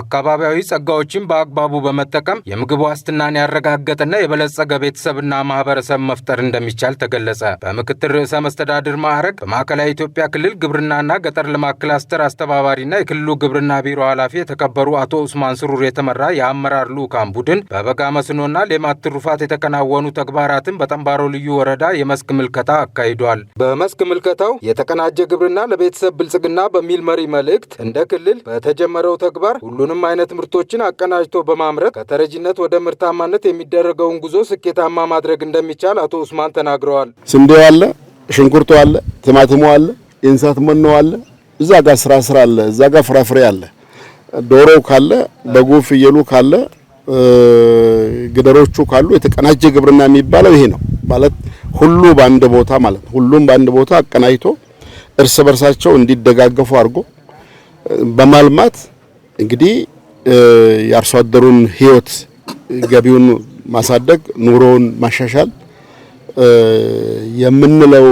አካባቢያዊ ጸጋዎችን በአግባቡ በመጠቀም የምግብ ዋስትናን ያረጋገጠና የበለጸገ ቤተሰብና ማህበረሰብ መፍጠር እንደሚቻል ተገለጸ። በምክትል ርዕሰ መስተዳድር ማዕረግ በማዕከላዊ ኢትዮጵያ ክልል ግብርናና ገጠር ልማት ክላስተር አስተባባሪና የክልሉ ግብርና ቢሮ ኃላፊ የተከበሩ አቶ ኡስማን ስሩር የተመራ የአመራር ልዑካን ቡድን በበጋ መስኖና ሌማት ትሩፋት የተከናወኑ ተግባራትን በጠንባሮ ልዩ ወረዳ የመስክ ምልከታ አካሂዷል። በመስክ ምልከታው የተቀናጀ ግብርና ለቤተሰብ ብልጽግና በሚል መሪ መልእክት እንደ ክልል በተጀመረው ተግባር ሁሉንም አይነት ምርቶችን አቀናጅቶ በማምረት ከተረጂነት ወደ ምርታማነት የሚደረገውን ጉዞ ስኬታማ ማድረግ እንደሚቻል አቶ ኡስማን ተናግረዋል። ስንዴ አለ፣ ሽንኩርቱ አለ፣ ቲማቲሙ አለ፣ የእንስሳት መኖ አለ፣ እዛ ጋር ስራ ስራ አለ፣ እዛ ጋር ፍራፍሬ አለ፣ ዶሮ ካለ፣ በጉ ፍየሉ ካለ፣ ግደሮቹ ካሉ የተቀናጀ ግብርና የሚባለው ይሄ ነው ማለት ሁሉ በአንድ ቦታ ማለት ነው። ሁሉም በአንድ ቦታ አቀናጅቶ እርስ በርሳቸው እንዲደጋገፉ አድርጎ በማልማት እንግዲህ የአርሶ አደሩን ህይወት ገቢውን ማሳደግ ኑሮውን ማሻሻል የምንለው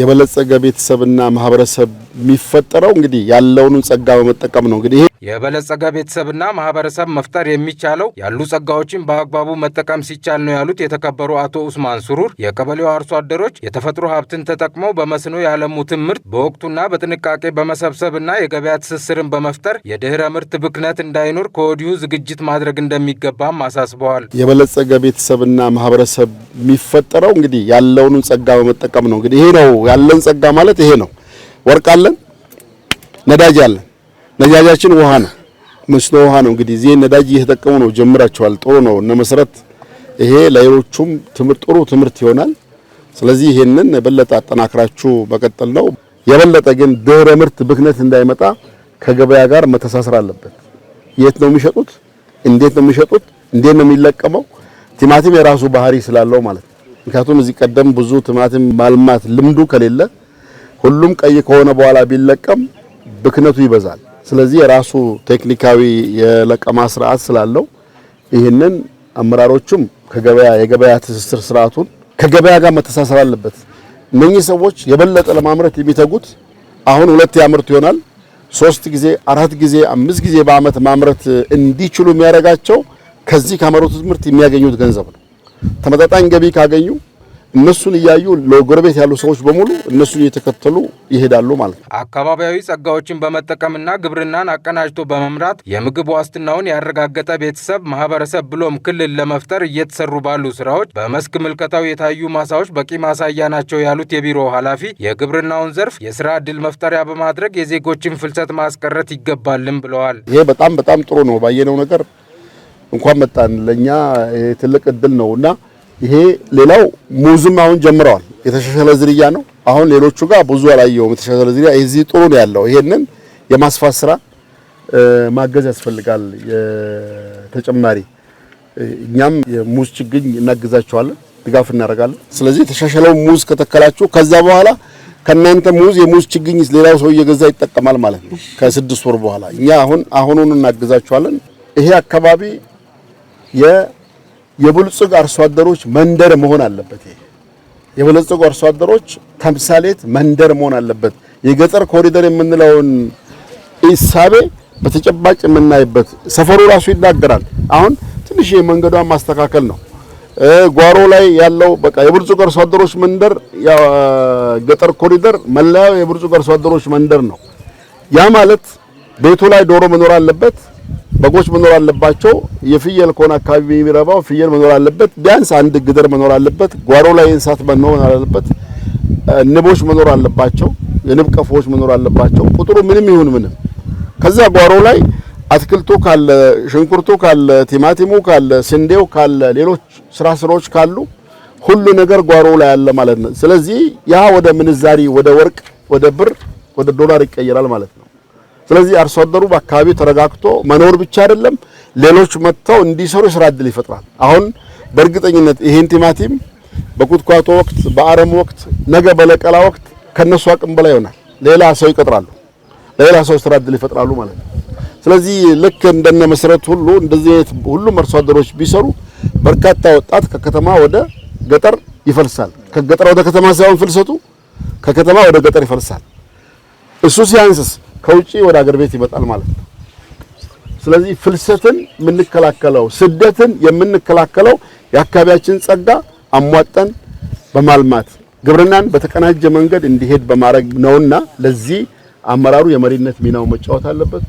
የበለጸገ ቤተሰብና ማህበረሰብ የሚፈጠረው እንግዲህ ያለውን ጸጋ በመጠቀም ነው። እንግዲህ የበለጸገ ቤተሰብና ማህበረሰብ መፍጠር የሚቻለው ያሉ ጸጋዎችን በአግባቡ መጠቀም ሲቻል ነው ያሉት የተከበሩ አቶ ኡስማን ሱሩር የቀበሌው አርሶ አደሮች የተፈጥሮ ሀብትን ተጠቅመው በመስኖ ያለሙትን ምርት በወቅቱና በጥንቃቄ በመሰብሰብና የገበያ ትስስርን በመፍጠር የድህረ ምርት ብክነት እንዳይኖር ከወዲሁ ዝግጅት ማድረግ እንደሚገባም አሳስበዋል። የበለጸገ ቤተሰብና ማህበረሰብ የሚፈጠረው እንግዲህ ያለውን ጸጋ በመጠቀም ነው። እንግዲህ ይሄ ነው ያለን ጸጋ ማለት ይሄ ነው። ወርቅ አለን፣ ነዳጅ አለን። ነዳጃችን ውሃ ነው፣ መስኖ ውሃ ነው። እንግዲህ እዚህ ነዳጅ እየተጠቀሙ ነው፣ ጀምራቸዋል። ጥሩ ነው እነ መሰረት። ይሄ ለሌሎቹም ትምህርት ጥሩ ትምህርት ይሆናል። ስለዚህ ይሄንን የበለጠ አጠናክራችሁ መቀጠል ነው። የበለጠ ግን ድህረ ምርት ብክነት እንዳይመጣ ከገበያ ጋር መተሳሰር አለበት። የት ነው የሚሸጡት? እንዴት ነው የሚሸጡት? እንዴት ነው የሚለቀመው? ቲማቲም የራሱ ባህሪ ስላለው ማለት ነው። ምክንያቱም እዚህ ቀደም ብዙ ቲማቲም ማልማት ልምዱ ከሌለ ሁሉም ቀይ ከሆነ በኋላ ቢለቀም ብክነቱ ይበዛል። ስለዚህ የራሱ ቴክኒካዊ የለቀማ ስርዓት ስላለው ይህንን አመራሮቹም ከገበያ የገበያ ትስስር ስርዓቱን ከገበያ ጋር መተሳሰር አለበት። እነኚህ ሰዎች የበለጠ ለማምረት የሚተጉት አሁን ሁለት ያምርት ይሆናል ሶስት ጊዜ አራት ጊዜ አምስት ጊዜ በአመት ማምረት እንዲችሉ የሚያደርጋቸው ከዚህ ካመረቱት ምርት የሚያገኙት ገንዘብ ነው። ተመጣጣኝ ገቢ ካገኙ እነሱን እያዩ ለጎረቤት ያሉ ሰዎች በሙሉ እነሱን እየተከተሉ ይሄዳሉ ማለት ነው። አካባቢያዊ ጸጋዎችን በመጠቀምና ግብርናን አቀናጅቶ በመምራት የምግብ ዋስትናውን ያረጋገጠ ቤተሰብ፣ ማህበረሰብ ብሎም ክልል ለመፍጠር እየተሰሩ ባሉ ስራዎች በመስክ ምልከታው የታዩ ማሳዎች በቂ ማሳያ ናቸው ያሉት የቢሮ ኃላፊ የግብርናውን ዘርፍ የስራ እድል መፍጠሪያ በማድረግ የዜጎችን ፍልሰት ማስቀረት ይገባልም ብለዋል። ይሄ በጣም በጣም ጥሩ ነው ባየነው ነገር እንኳን መጣን ለእኛ ትልቅ እድል ነው እና ይሄ ሌላው ሙዝም አሁን ጀምረዋል። የተሻሻለ ዝርያ ነው። አሁን ሌሎቹ ጋር ብዙ አላየውም። የተሻሻለ ዝርያ እዚህ ጥሩ ነው ያለው። ይሄንን የማስፋት ስራ ማገዝ ያስፈልጋል። ተጨማሪ እኛም የሙዝ ችግኝ እናግዛቸዋለን፣ ድጋፍ እናደርጋለን። ስለዚህ የተሻሻለው ሙዝ ከተከላችሁ ከዛ በኋላ ከእናንተ ሙዝ የሙዝ ችግኝ ሌላው ሰው እየገዛ ይጠቀማል ማለት ነው። ከስድስት ወር በኋላ እኛ አሁን አሁኑን እናግዛቸዋለን። ይሄ አካባቢ የብልጽግ አርሶ አደሮች መንደር መሆን አለበት። ይሄ የብልጽግ አርሶ አደሮች ተምሳሌት መንደር መሆን አለበት። የገጠር ኮሪደር የምንለውን ኢሳቤ በተጨባጭ የምናይበት ሰፈሩ ራሱ ይናገራል። አሁን ትንሽ የመንገዷን ማስተካከል ነው። ጓሮ ላይ ያለው በቃ የብልጽግ አርሶ አደሮች መንደር ገጠር ኮሪደር መለያው የብልጽግ አርሶ አደሮች መንደር ነው። ያ ማለት ቤቱ ላይ ዶሮ መኖር አለበት። በጎች መኖር አለባቸው። የፍየል ከሆነ አካባቢ የሚረባው ፍየል መኖር አለበት። ቢያንስ አንድ ግደር መኖር አለበት። ጓሮ ላይ እንስሳት መኖ መኖር አለበት። ንቦች መኖር አለባቸው። የንብ ቀፎዎች መኖር አለባቸው። ቁጥሩ ምንም ይሁን ምንም፣ ከዛ ጓሮ ላይ አትክልቱ ካለ፣ ሽንኩርቱ ካለ፣ ቲማቲሙ ካለ፣ ስንዴው ካለ፣ ሌሎች ስራ ስራዎች ካሉ ሁሉ ነገር ጓሮ ላይ አለ ማለት ነው። ስለዚህ ያ ወደ ምንዛሪ ወደ ወርቅ፣ ወደ ብር፣ ወደ ዶላር ይቀየራል ማለት ነው። ስለዚህ አርሶ አደሩ በአካባቢው ተረጋግቶ መኖር ብቻ አይደለም፣ ሌሎች መጥተው እንዲሰሩ የስራ እድል ይፈጥራል። አሁን በእርግጠኝነት ይሄን ቲማቲም በቁጥቋጦ ወቅት፣ በአረም ወቅት፣ ነገ በለቀላ ወቅት ከነሱ አቅም በላይ ይሆናል። ሌላ ሰው ይቀጥራሉ፣ ሌላ ሰው ስራ እድል ይፈጥራሉ ማለት ነው። ስለዚህ ልክ እንደነ መሰረት ሁሉ እንደዚህ አይነት ሁሉም አርሶ አደሮች ቢሰሩ በርካታ ወጣት ከከተማ ወደ ገጠር ይፈልሳል። ከገጠር ወደ ከተማ ሳይሆን ፍልሰቱ ከከተማ ወደ ገጠር ይፈልሳል። እሱ ሲያንስስ ከውጪ ወደ አገር ቤት ይመጣል ማለት ነው። ስለዚህ ፍልሰትን የምንከላከለው ስደትን የምንከላከለው የአካባቢያችን ጸጋ አሟጠን በማልማት ግብርናን በተቀናጀ መንገድ እንዲሄድ በማድረግ ነውና ለዚህ አመራሩ የመሪነት ሚናው መጫወት አለበት።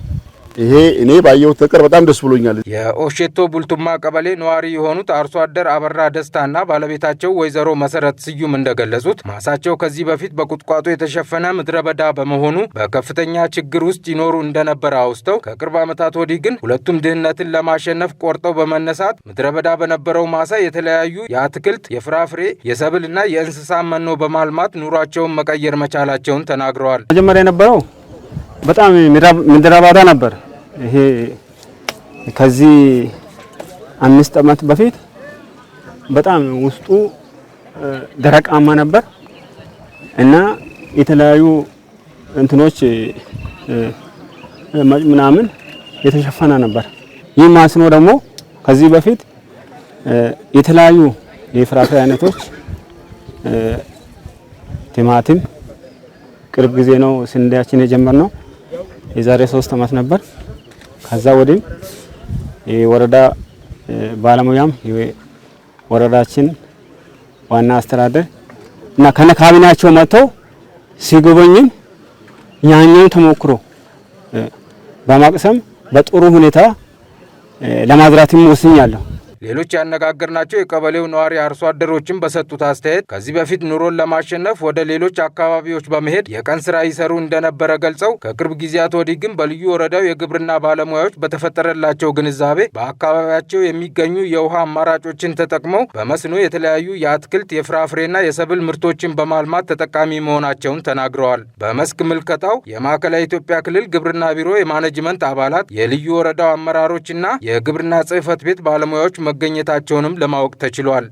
ይሄ እኔ ባየሁት ተቀር በጣም ደስ ብሎኛል። የኦሼቶ ቡልቱማ ቀበሌ ነዋሪ የሆኑት አርሶ አደር አበራ ደስታና ባለቤታቸው ወይዘሮ መሰረት ስዩም እንደገለጹት ማሳቸው ከዚህ በፊት በቁጥቋጦ የተሸፈነ ምድረ በዳ በመሆኑ በከፍተኛ ችግር ውስጥ ይኖሩ እንደነበረ አውስተው ከቅርብ ዓመታት ወዲህ ግን ሁለቱም ድህነትን ለማሸነፍ ቆርጠው በመነሳት ምድረ በዳ በነበረው ማሳ የተለያዩ የአትክልት፣ የፍራፍሬ፣ የሰብልና የእንስሳ መኖ በማልማት ኑሯቸውን መቀየር መቻላቸውን ተናግረዋል። መጀመሪያ የነበረው በጣም ምድረ ነበር። ይሄ ከዚህ አምስት ዓመት በፊት በጣም ውስጡ ደረቃማ ነበር እና የተለያዩ እንትኖች ምናምን የተሸፈነ ነበር። ይህ ማስኖ ደግሞ ከዚህ በፊት የተለያዩ የፍራፍሬ አይነቶች ቲማቲም ቅርብ ጊዜ ነው ስንዴያችን የጀመርነው። የዛሬ ሶስት አመት ነበር። ከዛ ወዲህ የወረዳ ባለሙያም የወረዳችን ዋና አስተዳደር እና ከነ ካቢናቸው መጥተው ሲጎበኝን ያኛውን ተሞክሮ በማቅሰም በጥሩ ሁኔታ ለማዝራትም ወስኛለሁ። ሌሎች ያነጋገርናቸው የቀበሌው ነዋሪ አርሶ አደሮችን በሰጡት አስተያየት ከዚህ በፊት ኑሮን ለማሸነፍ ወደ ሌሎች አካባቢዎች በመሄድ የቀን ስራ ይሰሩ እንደነበረ ገልጸው ከቅርብ ጊዜያት ወዲህ ግን በልዩ ወረዳው የግብርና ባለሙያዎች በተፈጠረላቸው ግንዛቤ በአካባቢያቸው የሚገኙ የውሃ አማራጮችን ተጠቅመው በመስኖ የተለያዩ የአትክልት የፍራፍሬና የሰብል ምርቶችን በማልማት ተጠቃሚ መሆናቸውን ተናግረዋል። በመስክ ምልከታው የማዕከላዊ ኢትዮጵያ ክልል ግብርና ቢሮ የማኔጅመንት አባላት፣ የልዩ ወረዳው አመራሮችና የግብርና ጽህፈት ቤት ባለሙያዎች መገኘታቸውንም ለማወቅ ተችሏል።